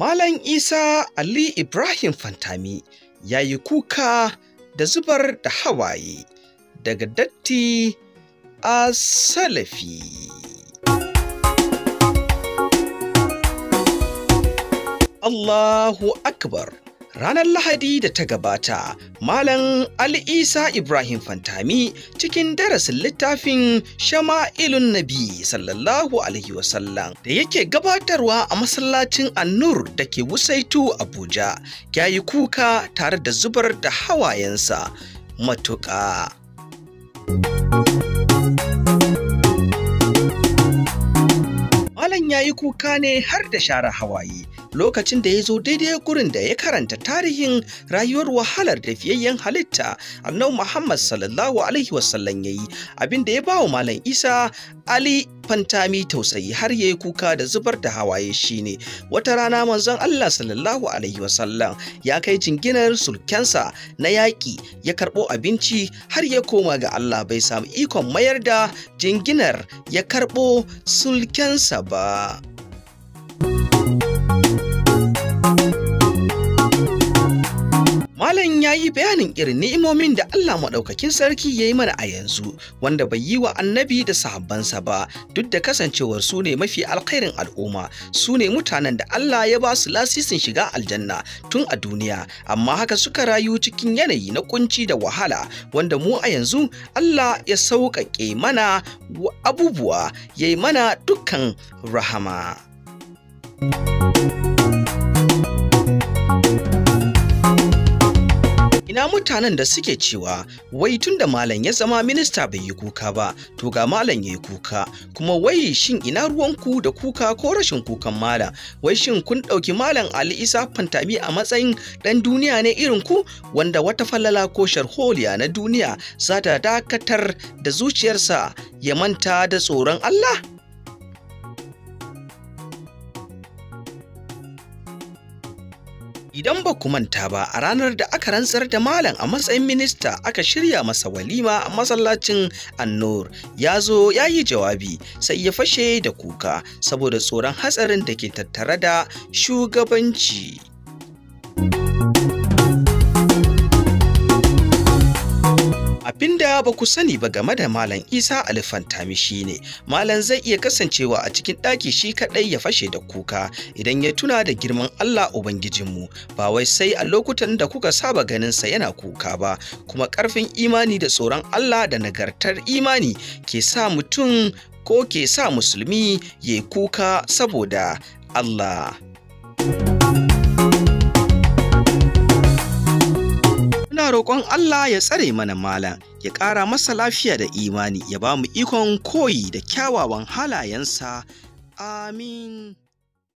Malam Isa Ali Ibrahim Fantami ya yi kuka da zubar da hawaye daga datti a salafi. Allahu Akbar. ranar Lahadi da ta gabata, Malam Al'isa Ibrahim Fantami cikin darasin littafin Shama'ilun Nabi sallallahu Alaihi wasallam da yake gabatarwa a masallacin Annur da ke Wusaitu Abuja, ya yi kuka tare da zubar da hawayensa matuƙa. Malam ya yi kuka ne har da share hawaye lokacin da ya zo daidai gurin da ya karanta tarihin rayuwar wahalar da fiyayyen halitta annabi Muhammad sallallahu alaihi wasallam ya yi abin da ya bawa Malam Isa Ali fantami tausayi har yayi kuka da zubar da hawaye shine wata rana manzon Allah sallallahu alaihi wasallam ya kai jinginar sulkensa na yaƙi ya karɓo abinci har ya koma ga Allah bai samu ikon mayar da jinginar ya karɓo sulkensa ba ya yi bayanin irin ni'imomin da Allah maɗaukakin sarki ya yi mana a yanzu wanda bai yi wa annabi da sahabbansa ba duk da kasancewar su ne mafi alkhairin al'umma su ne mutanen da Allah ya ba su lasisin shiga aljanna tun a duniya amma haka suka rayu cikin yanayi na kunci da wahala wanda mu a yanzu Allah ya sauƙaƙe mana abubuwa ya yi mana dukkan rahama. ina mutanen da suke cewa wai tun da malam ya zama minista bai yi kuka ba to ga malam ya yi kuka kuma wai shin ina ruwanku da kuka ko rashin kukan malam wai shin kun ɗauki malam ali isa fantami a matsayin ɗan duniya ne irin ku wanda wata falala ko sharholiya na duniya za ta dakatar da zuciyarsa ya manta da tsoron allah Idan ba ku manta ba a ranar da aka rantsar da malam a matsayin minista aka shirya masa walima a masallacin Annur ya zo ya yi jawabi sai ya fashe da kuka saboda tsoron hatsarin da ke tattare da shugabanci. da ba ku sani ba game da malam isa alifantami ne, malam zai iya kasancewa a cikin ɗaki shi kaɗai ya fashe da kuka idan ya tuna da girman allah ubangijinmu ba wai sai a lokutan da kuka saba ganinsa yana kuka ba kuma ƙarfin imani da tsoron allah da nagartar imani ke sa mutum ko ke sa musulmi ya kuka saboda allah roƙon Allah ya tsare mana malam, ya ƙara masa lafiya da imani, ya ba mu ikon koyi da kyawawan halayensa. Amin.